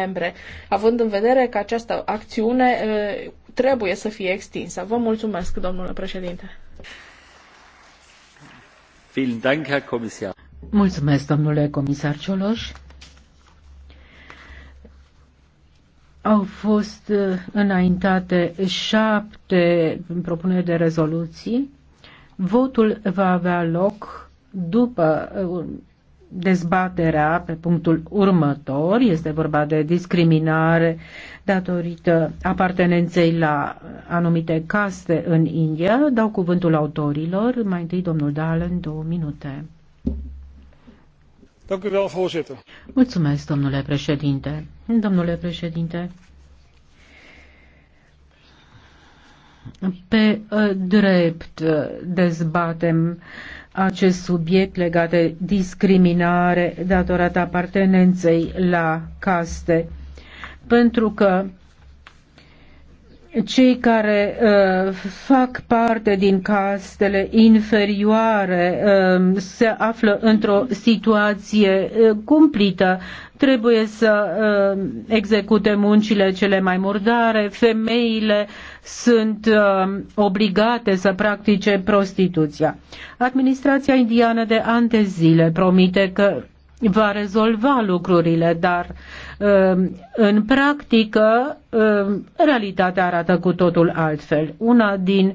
membre, având în vedere că această acțiune trebuie să fie extinsă. Vă mulțumesc, domnule președinte. Mulțumesc, domnule comisar Cioloș. Au fost înaintate șapte propuneri de rezoluții. Votul va avea loc după dezbaterea pe punctul următor. Este vorba de discriminare datorită apartenenței la anumite caste în India. Dau cuvântul autorilor. Mai întâi domnul Dalen, două minute. Mulțumesc, domnule președinte. Domnule președinte, pe eh, drept dezbatem acest subiect legat de discriminare datorată apartenenței la caste. Pentru că cei care uh, fac parte din castele inferioare uh, se află într-o situație uh, cumplită trebuie să uh, execute muncile cele mai murdare, femeile sunt uh, obligate să practice prostituția. Administrația indiană de ani de zile promite că va rezolva lucrurile, dar uh, în practică uh, realitatea arată cu totul altfel. Una din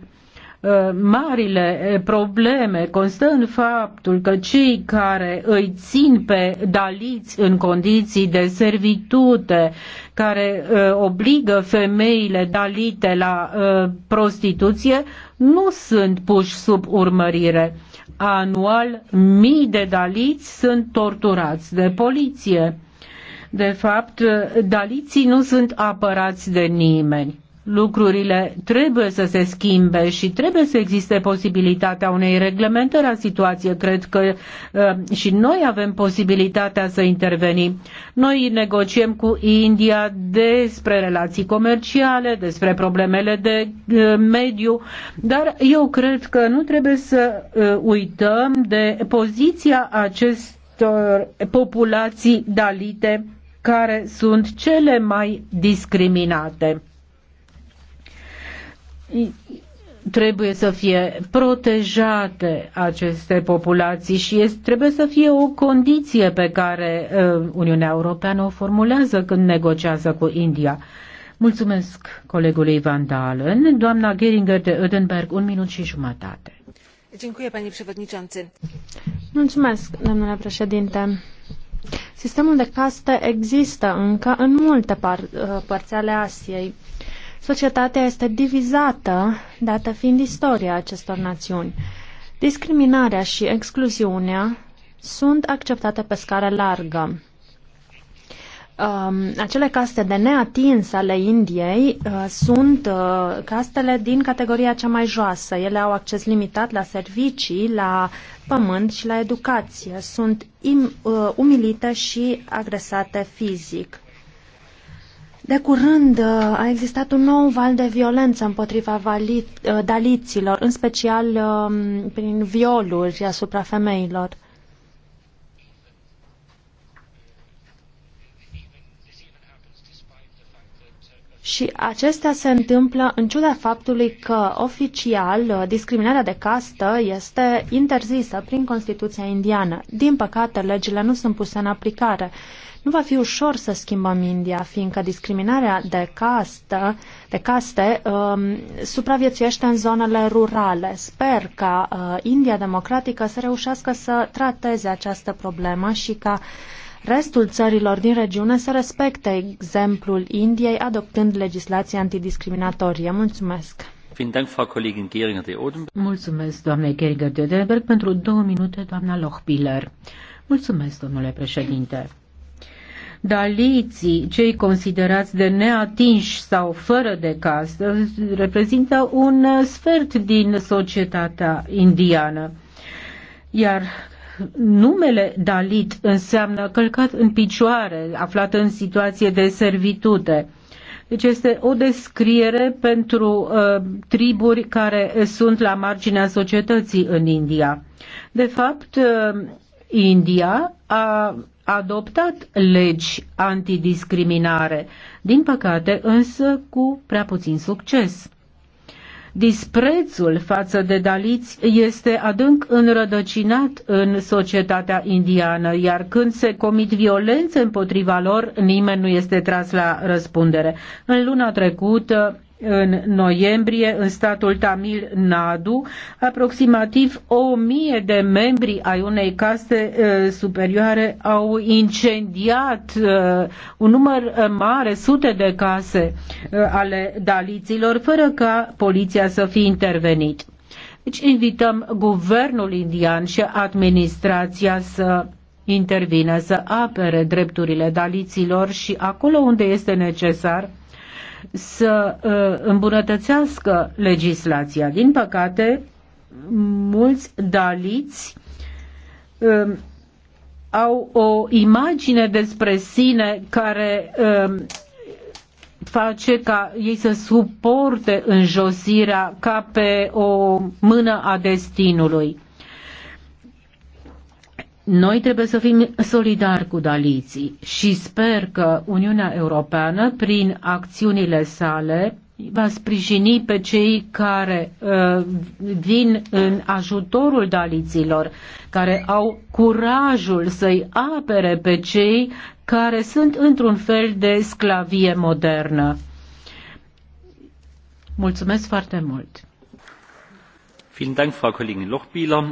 Uh, marile uh, probleme constă în faptul că cei care îi țin pe daliți în condiții de servitute, care uh, obligă femeile dalite la prostituție, nu sunt puși sub urmărire. Anual, mii de daliți sunt torturați de poliție. De fapt, daliții nu sunt apărați de nimeni lucrurile trebuie să se schimbe și trebuie să existe posibilitatea unei reglementări a situației. Cred că uh, și noi avem posibilitatea să intervenim. Noi negociem cu India despre relații comerciale, despre problemele de uh, mediu, dar eu cred că nu trebuie să uh, uităm de poziția acestor populații dalite care sunt cele mai discriminate trebuie să fie protejate aceste populații și este, trebuie să fie o condiție pe care uh, Uniunea Europeană o formulează când negociază cu India. Mulțumesc colegului Van Dalen. Doamna Geringer de Ödenberg, un minut și jumătate. Mulțumesc, domnule președinte. Sistemul de caste există încă în multe par- părți ale Asiei Societatea este divizată, dată fiind istoria acestor națiuni. Discriminarea și excluziunea sunt acceptate pe scară largă. Um, acele caste de neatins ale Indiei uh, sunt uh, castele din categoria cea mai joasă. Ele au acces limitat la servicii, la pământ și la educație. Sunt im, uh, umilite și agresate fizic. De curând uh, a existat un nou val de violență împotriva valit, uh, daliților, în special um, prin violuri asupra femeilor. Și acestea se întâmplă în ciuda faptului că oficial discriminarea de castă este interzisă prin Constituția indiană. Din păcate, legile nu sunt puse în aplicare. Nu va fi ușor să schimbăm India, fiindcă discriminarea de, castă, de caste um, supraviețuiește în zonele rurale. Sper ca uh, India democratică să reușească să trateze această problemă și ca uh, restul țărilor din regiune să respecte exemplul Indiei, adoptând legislație antidiscriminatorie. Mulțumesc! Mulțumesc, doamne Geringer de Oedenberg, pentru două minute, doamna Lochbiller. Mulțumesc, domnule președinte. Daliții, cei considerați de neatinși sau fără de casă, reprezintă un sfert din societatea indiană. Iar numele Dalit înseamnă călcat în picioare, aflat în situație de servitude. Deci este o descriere pentru uh, triburi care sunt la marginea societății în India. De fapt, uh, India a adoptat legi antidiscriminare, din păcate însă cu prea puțin succes. Disprețul față de daliți este adânc înrădăcinat în societatea indiană, iar când se comit violențe împotriva lor, nimeni nu este tras la răspundere. În luna trecută, în noiembrie în statul Tamil Nadu, aproximativ o mie de membri ai unei caste uh, superioare au incendiat uh, un număr uh, mare, sute de case uh, ale daliților, fără ca poliția să fie intervenit. Deci invităm guvernul indian și administrația să intervină, să apere drepturile daliților și acolo unde este necesar, să uh, îmbunătățească legislația. Din păcate, mulți daliți um, au o imagine despre sine care um, face ca ei să suporte înjosirea ca pe o mână a destinului. Noi trebuie să fim solidari cu daliții și sper că Uniunea Europeană, prin acțiunile sale, va sprijini pe cei care uh, vin în ajutorul daliților, care au curajul să-i apere pe cei care sunt într-un fel de sclavie modernă. Mulțumesc foarte mult! Vielen Dank, Frau Kollegin Lochbieler.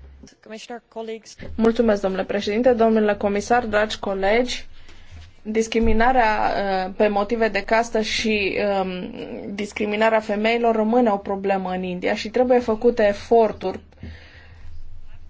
Mulțumesc, domnule președinte, domnule comisar, dragi colegi discriminarea uh, pe motive de castă și um, discriminarea femeilor rămâne o problemă în India și trebuie făcute eforturi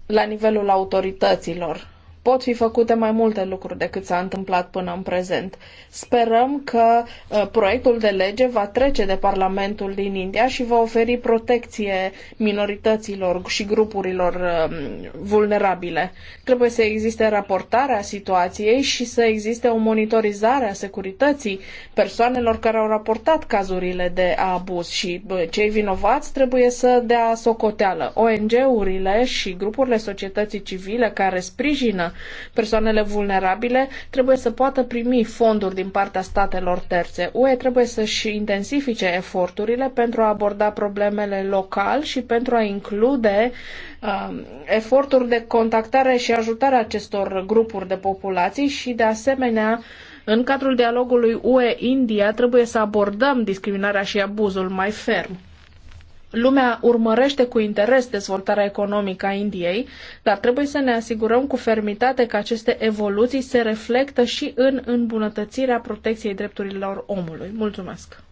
la nivelul autorităților pot fi făcute mai multe lucruri decât s-a întâmplat până în prezent. Sperăm că uh, proiectul de lege va trece de Parlamentul din India și va oferi protecție minorităților și grupurilor uh, vulnerabile. Trebuie să existe raportarea situației și să existe o monitorizare a securității persoanelor care au raportat cazurile de abuz și cei vinovați trebuie să dea socoteală. ONG-urile și grupurile societății civile care sprijină persoanele vulnerabile trebuie să poată primi fonduri din partea statelor terțe. UE trebuie să-și intensifice eforturile pentru a aborda problemele local și pentru a include uh, eforturi de contactare și ajutare acestor grupuri de populații și, de asemenea, în cadrul dialogului UE-India trebuie să abordăm discriminarea și abuzul mai ferm. Lumea urmărește cu interes dezvoltarea economică a Indiei, dar trebuie să ne asigurăm cu fermitate că aceste evoluții se reflectă și în îmbunătățirea protecției drepturilor omului. Mulțumesc!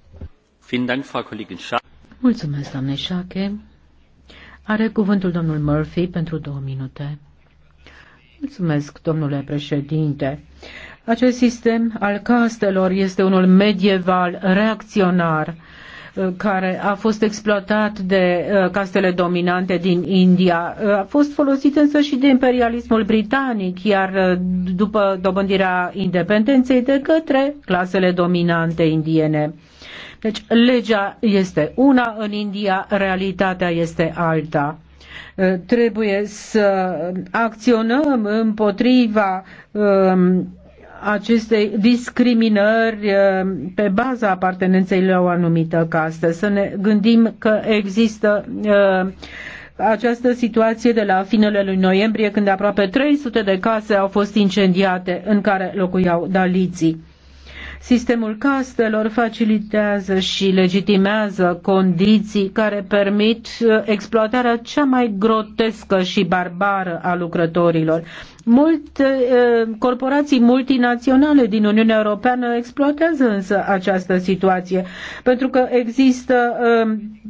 Mulțumesc, doamne Șache. Are cuvântul domnul Murphy pentru două minute. Mulțumesc, domnule președinte. Acest sistem al castelor este unul medieval, reacționar Uh, care a fost exploatat de uh, castele dominante din India uh, a fost folosit însă și de imperialismul britanic, iar după dobândirea independenței de către clasele dominante indiene. Deci legea este una în India, realitatea este alta trebuie să acționăm împotriva um, acestei discriminări uh, pe baza apartenenței la o anumită castă. Să ne gândim că există uh, această situație de la finele lui noiembrie, când aproape 300 de case au fost incendiate în care locuiau daliții. Sistemul castelor facilitează și legitimează condiții care permit uh, exploatarea cea mai grotescă și barbară a lucrătorilor. Multe uh, corporații multinaționale din Uniunea Europeană exploatează însă această situație, pentru că există um,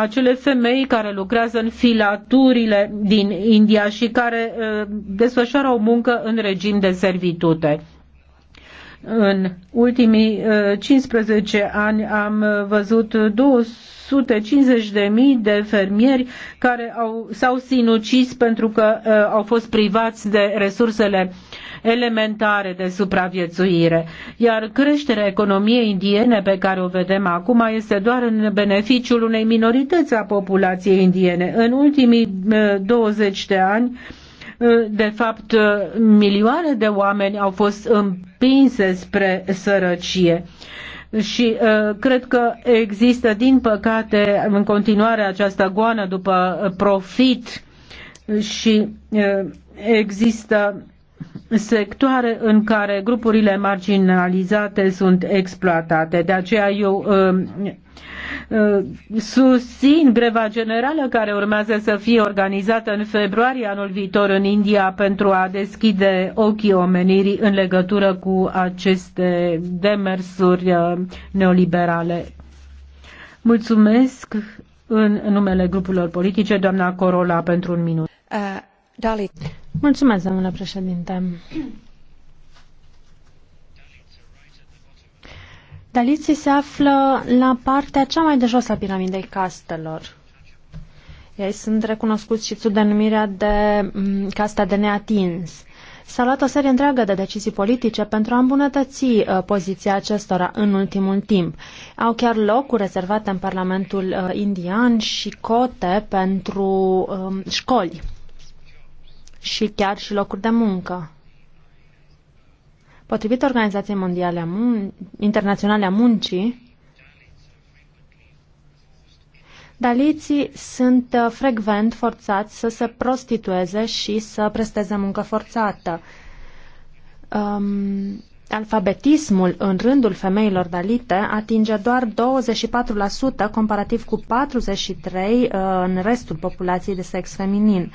acele femei care lucrează în filaturile din India și care uh, desfășoară o muncă în regim de servitute. În ultimii 15 uh, ani am uh, văzut 250.000 de fermieri care au, s-au sinucis pentru că uh, au fost privați de resursele elementare de supraviețuire. Iar creșterea economiei indiene pe care o vedem acum este doar în beneficiul unei minorități a populației indiene. În ultimii 20 uh, de ani de fapt, milioane de oameni au fost împinse spre sărăcie. Și uh, cred că există, din păcate, în continuare această goană după profit și uh, există sectoare în care grupurile marginalizate sunt exploatate. De aceea eu um, uh, susțin greva generală care urmează să fie organizată în februarie anul viitor în India pentru a deschide ochii omenirii în legătură cu aceste demersuri uh, neoliberale. Mulțumesc în numele grupurilor politice, doamna Corola, pentru un minut. Uh. Mulțumesc, domnule președinte. Daliții se află la partea cea mai de jos a piramidei castelor. Ei sunt recunoscuți și sub denumirea de mm, casta de neatins. S-a luat o serie întreagă de decizii politice pentru a îmbunătăți uh, poziția acestora în ultimul timp. Au chiar locuri rezervate în Parlamentul uh, indian și cote pentru uh, școli și chiar și locuri de muncă. Potrivit Organizației Mondiale a Mun- Internaționale a Muncii, daliții sunt uh, frecvent forțați să se prostitueze și să presteze muncă forțată. Um, Alfabetismul în rândul femeilor dalite atinge doar 24% comparativ cu 43% uh, în restul populației de sex feminin. Uh,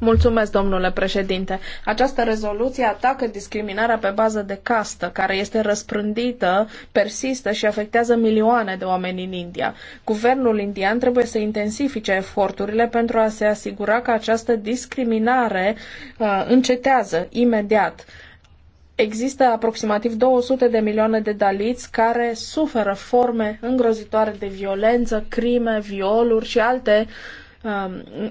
Mulțumesc, domnule președinte. Această rezoluție atacă discriminarea pe bază de castă, care este răspândită, persistă și afectează milioane de oameni în India. Guvernul indian trebuie să intensifice eforturile pentru a se asigura că această discriminare uh, încetează imediat. Există aproximativ 200 de milioane de daliți care suferă forme îngrozitoare de violență, crime, violuri și alte uh,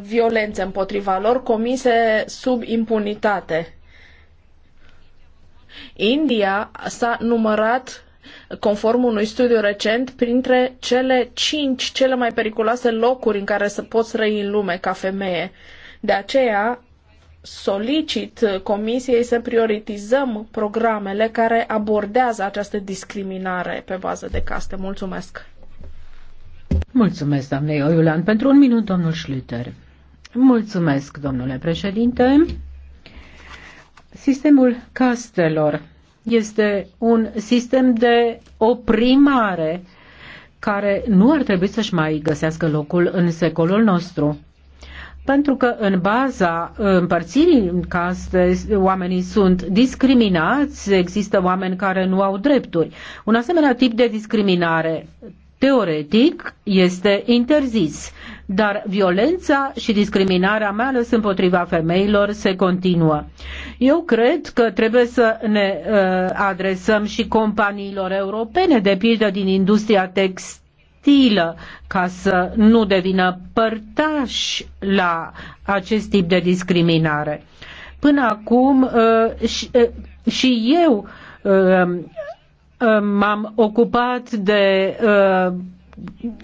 violențe împotriva lor comise sub impunitate. India s-a numărat conform unui studiu recent, printre cele cinci cele mai periculoase locuri în care să poți răi în lume ca femeie. De aceea solicit Comisiei să prioritizăm programele care abordează această discriminare pe bază de caste. Mulțumesc! Mulțumesc, doamne Oiulan. Pentru un minut, domnul Schlüter. Mulțumesc, domnule președinte. Sistemul castelor este un sistem de oprimare care nu ar trebui să-și mai găsească locul în secolul nostru. Pentru că în baza împărțirii în caste oamenii sunt discriminați, există oameni care nu au drepturi. Un asemenea tip de discriminare teoretic este interzis, dar violența și discriminarea, mai ales împotriva femeilor, se continuă. Eu cred că trebuie să ne uh, adresăm și companiilor europene, de pildă din industria text ca să nu devină părtași la acest tip de discriminare. Până acum uh, uh, și eu uh, m-am ocupat de uh,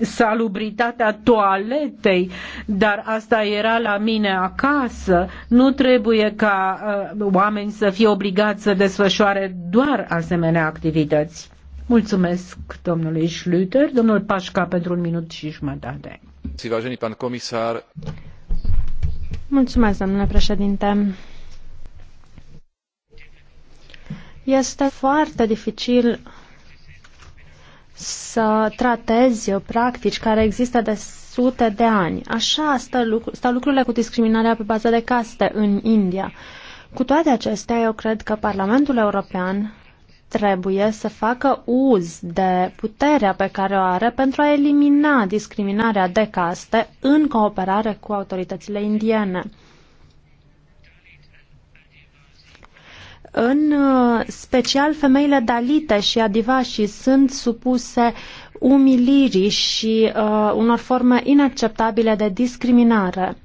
salubritatea toaletei, dar asta era la mine acasă. Nu trebuie ca oamenii uh, oameni să fie obligați să desfășoare doar asemenea activități. Mulțumesc domnului Schlüter, domnul Pașca pentru un minut și jumătate. pan comisar. Mulțumesc, domnule președinte. Este foarte dificil să tratezi practici care există de sute de ani. Așa stă lucru, stau lucrurile cu discriminarea pe bază de caste în India. Cu toate acestea, eu cred că Parlamentul European trebuie să facă uz de puterea pe care o are pentru a elimina discriminarea de caste în cooperare cu autoritățile indiene. În uh, special, femeile dalite și adivașii sunt supuse umilirii și uh, unor forme inacceptabile de discriminare.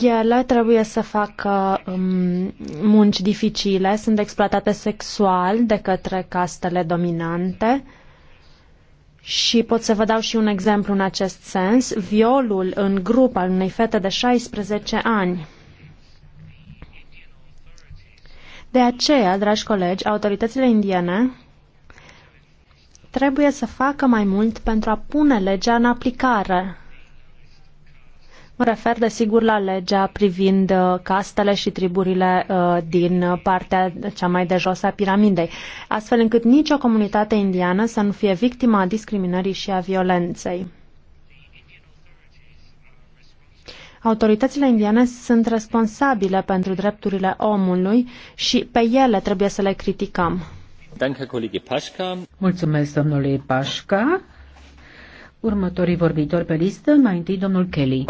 Ele trebuie să facă um, munci dificile, sunt exploatate sexual de către castele dominante și pot să vă dau și un exemplu în acest sens, violul în grup al unei fete de 16 ani. De aceea, dragi colegi, autoritățile indiene trebuie să facă mai mult pentru a pune legea în aplicare. Mă refer, desigur, la legea privind uh, castele și triburile uh, din partea cea mai de jos a piramidei, astfel încât nicio comunitate indiană să nu fie victima discriminării și a violenței. Autoritățile indiene sunt responsabile pentru drepturile omului și pe ele trebuie să le criticăm. Mulțumesc domnului Pașca. Următorii vorbitori pe listă, mai întâi domnul Kelly.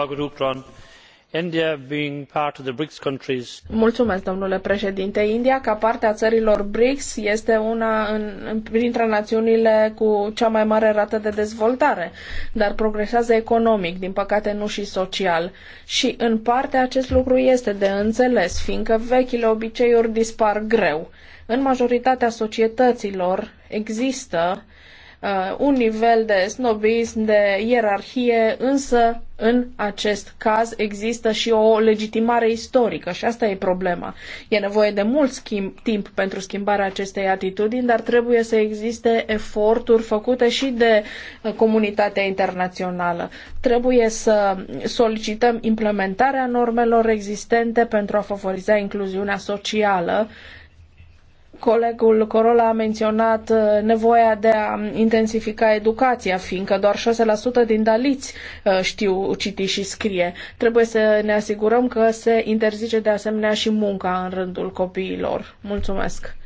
India being part of the BRICS countries. Mulțumesc, domnule președinte. India, ca parte a țărilor BRICS, este una în, printre națiunile cu cea mai mare rată de dezvoltare, dar progresează economic, din păcate nu și social. Și în parte acest lucru este de înțeles, fiindcă vechile obiceiuri dispar greu. În majoritatea societăților există uh, uh, un nivel de snobism, de ierarhie, însă în acest caz există și o legitimare istorică și asta e problema. E nevoie de mult schimb, timp pentru schimbarea acestei atitudini, dar trebuie să existe eforturi făcute și de uh, comunitatea internațională. Trebuie să solicităm implementarea normelor existente pentru a favoriza incluziunea socială uh, Colegul Corola a menționat uh, nevoia de a intensifica educația, fiindcă doar 6% din daliți uh, știu citi și scrie. Trebuie să ne asigurăm că se interzice de asemenea și munca în rândul copiilor. Mulțumesc!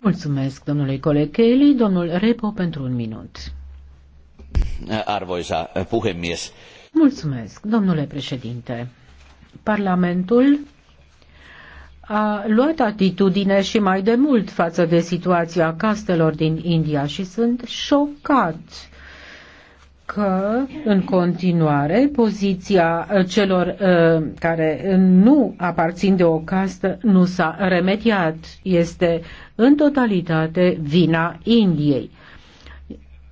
Mulțumesc, domnului coleg Kelly. Domnul Repo, pentru un minut. Arvoisa eh, puhemies. Mulțumesc, domnule președinte. Parlamentul a luat atitudine și mai de mult față de situația castelor din India și sunt șocat că în continuare poziția uh, celor uh, care nu aparțin de o castă nu s-a remediat. Este în totalitate vina Indiei.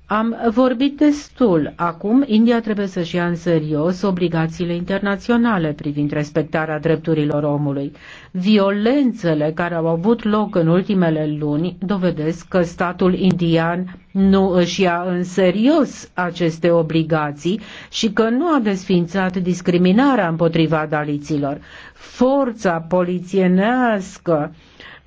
Am vorbit destul. Acum India trebuie să-și ia în serios obligațiile internaționale privind respectarea drepturilor omului. Violențele care au avut loc în ultimele luni dovedesc că statul indian nu își ia în serios aceste obligații și că nu a desfințat discriminarea împotriva daliților. Forța polițienească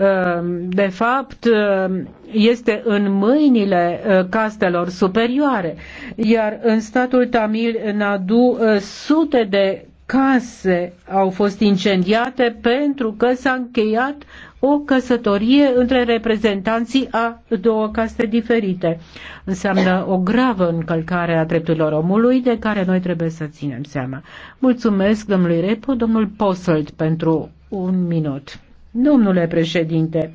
Ehm, de fapt ehm, este în mâinile eh, castelor superioare, iar în statul Tamil Nadu eh, sute de case au fost incendiate pentru că s-a încheiat o căsătorie între reprezentanții a două caste diferite. Înseamnă o gravă încălcare a drepturilor omului de care noi trebuie să ținem seama. Mulțumesc domnului Repo, domnul Posold, pentru un minut. Domnule președinte,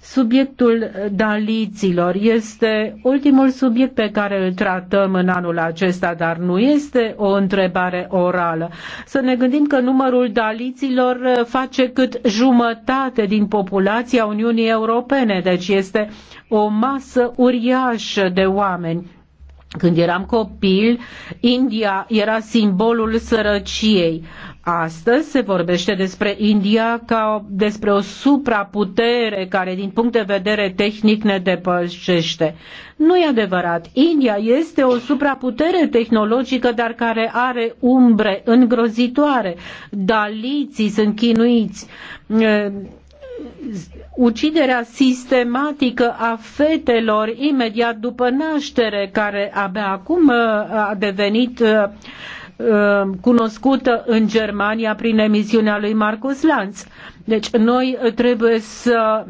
subiectul daliților este ultimul subiect pe care îl tratăm în anul acesta, dar nu este o întrebare orală. Să ne gândim că numărul daliților face cât jumătate din populația Uniunii Europene, deci este o masă uriașă de oameni când eram copil, India era simbolul sărăciei. Astăzi se vorbește despre India ca despre o supraputere care, din punct de vedere tehnic, ne depășește. Nu e adevărat. India este o supraputere tehnologică, dar care are umbre îngrozitoare. Daliții sunt chinuiți uciderea sistematică a fetelor imediat după naștere, care abia acum uh, a devenit uh, uh, cunoscută în Germania prin emisiunea lui Marcus Lanz. Deci noi trebuie să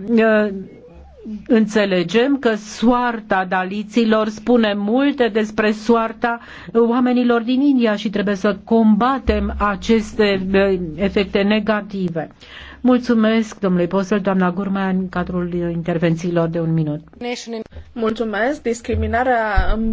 înțelegem că soarta daliților spune multe despre soarta oamenilor din India și trebuie să combatem aceste efecte negative. Mulțumesc, domnule Posel, doamna Gurmea, în cadrul intervențiilor de un minut. Mulțumesc. Discriminarea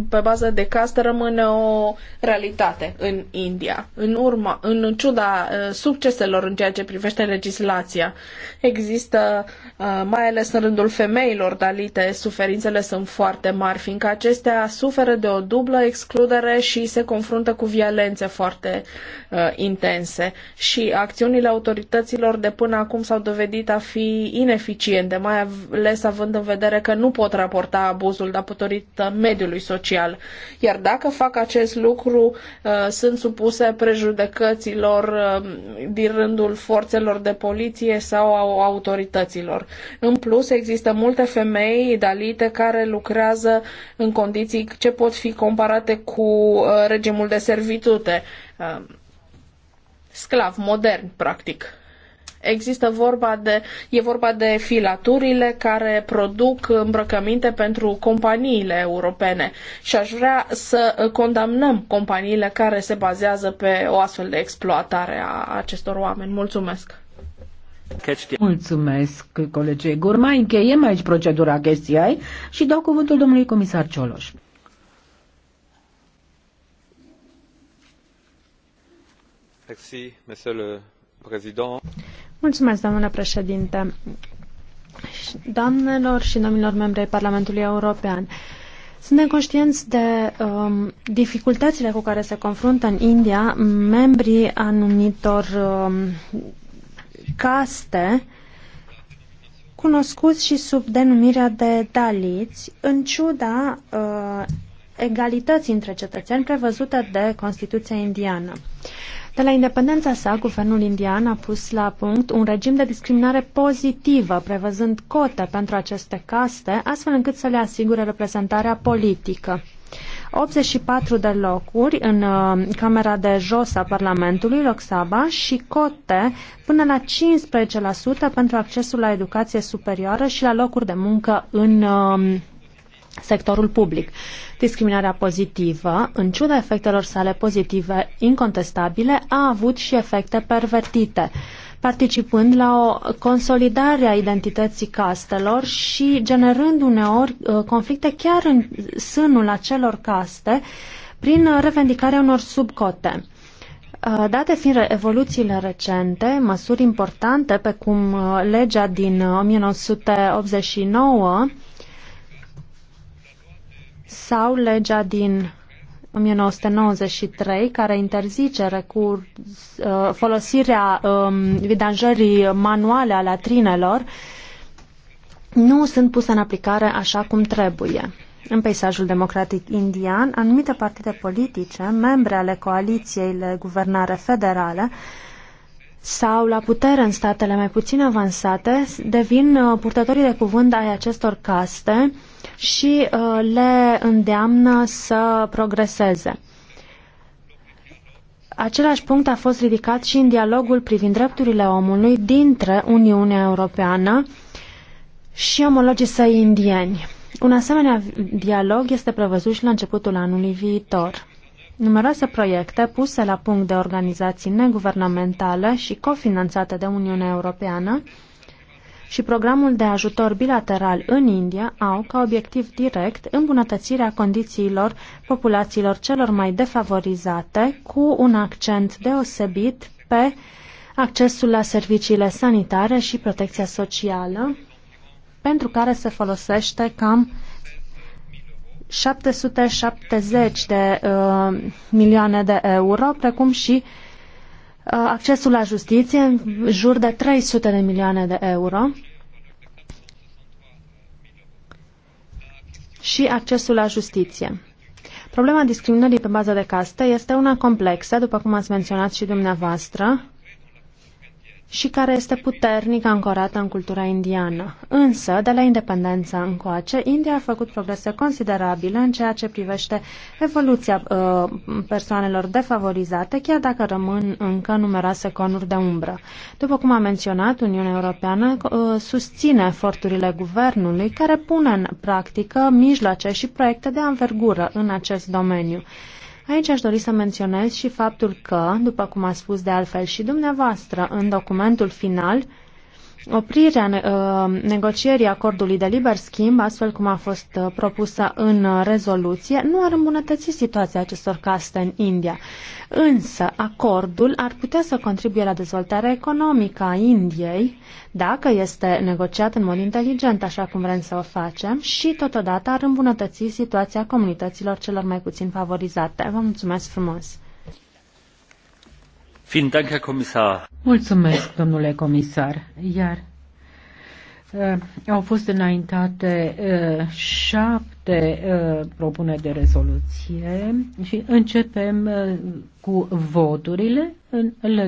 pe bază de castă rămâne o realitate în India. În urma, în ciuda uh, succeselor în ceea ce privește legislația, există, uh, mai ales în rândul femeilor dalite, suferințele sunt foarte mari, fiindcă acestea suferă de o dublă excludere și se confruntă cu violențe foarte uh, intense. Și acțiunile autorităților de până acum s-au dovedit a fi ineficiente, mai ales având în vedere că nu pot raporta abuzul datorită mediului social. Iar dacă fac acest lucru, uh, sunt supuse prejudecăților uh, din rândul forțelor de poliție sau a autorităților. În plus, există multe femei dalite care lucrează în condiții ce pot fi comparate cu uh, regimul de servitute sclav modern, practic. Există vorba de, e vorba de filaturile care produc îmbrăcăminte pentru companiile europene și aș vrea să condamnăm companiile care se bazează pe o astfel de exploatare a acestor oameni. Mulțumesc! Mulțumesc, colegii Gurma. Încheiem aici procedura chestiei și dau cuvântul domnului comisar Cioloș. Merci, monsieur le Mulțumesc, domnule președinte. Doamnelor și domnilor membri ai Parlamentului European, suntem conștienți de um, dificultățile cu care se confruntă în India membrii anumitor um, caste cunoscuți și sub denumirea de daliți, în ciuda uh, egalității între cetățeni prevăzută de Constituția indiană. De la independența sa, guvernul indian a pus la punct un regim de discriminare pozitivă, prevăzând cote pentru aceste caste, astfel încât să le asigure reprezentarea politică. 84 de locuri în uh, Camera de Jos a Parlamentului, Lok Sabha, și cote până la 15% pentru accesul la educație superioară și la locuri de muncă în uh, sectorul public. Discriminarea pozitivă, în ciuda efectelor sale pozitive incontestabile, a avut și efecte pervertite participând la o consolidare a identității castelor și generând uneori uh, conflicte chiar în sânul acelor caste prin revendicarea unor subcote. Uh, date fiind evoluțiile recente, măsuri importante, pe cum uh, legea din 1989 sau legea din 1993 care interzice recurs, uh, folosirea um, vidanjării manuale a latrinelor nu sunt puse în aplicare așa cum trebuie. În peisajul democratic indian, anumite partide politice, membre ale coaliției de guvernare federale, sau la putere în statele mai puțin avansate, devin uh, purtătorii de cuvânt ai acestor caste uh, și uh, le îndeamnă să progreseze. Același punct a fost ridicat și în dialogul privind drepturile omului dintre Uniunea Europeană și omologii săi indieni. Un asemenea dialog este prevăzut și la începutul anului viitor. Numeroase proiecte puse la punct de organizații neguvernamentale și cofinanțate de Uniunea Europeană și programul de ajutor bilateral în India au ca obiectiv direct îmbunătățirea condițiilor populațiilor celor mai defavorizate cu un accent deosebit pe accesul la serviciile sanitare și protecția socială, pentru care se folosește cam 770 de uh, milioane de euro, precum și uh, Uh, accesul la justiție în jur de 300 de milioane de euro și accesul la justiție. Problema discriminării pe bază de castă este una complexă, după cum ați menționat și dumneavoastră, și care este puternic ancorată în cultura indiană. Însă, de la independența încoace, India a făcut progrese considerabile în ceea ce privește evoluția uh, persoanelor defavorizate, chiar dacă rămân încă numeroase conuri de umbră. După cum a menționat, Uniunea Europeană uh, susține eforturile guvernului care pune în practică mijloace și proiecte de anvergură în acest domeniu. Aici aș dori să menționez și faptul că, după cum a spus de altfel și dumneavoastră în documentul final, Oprirea uh, negocierii acordului de liber schimb, astfel cum a fost uh, propusă în uh, rezoluție, nu ar îmbunătăți situația acestor caste în India. Însă, acordul ar putea să contribuie la dezvoltarea economică a Indiei, dacă este negociat în mod inteligent, așa cum vrem să o facem, și totodată ar îmbunătăți situația comunităților celor mai puțin favorizate. Vă mulțumesc frumos! Mulțumesc, domnule comisar. Iar uh, au fost înaintate uh, șapte uh, propuneri de rezoluție și începem uh, cu voturile în legătură.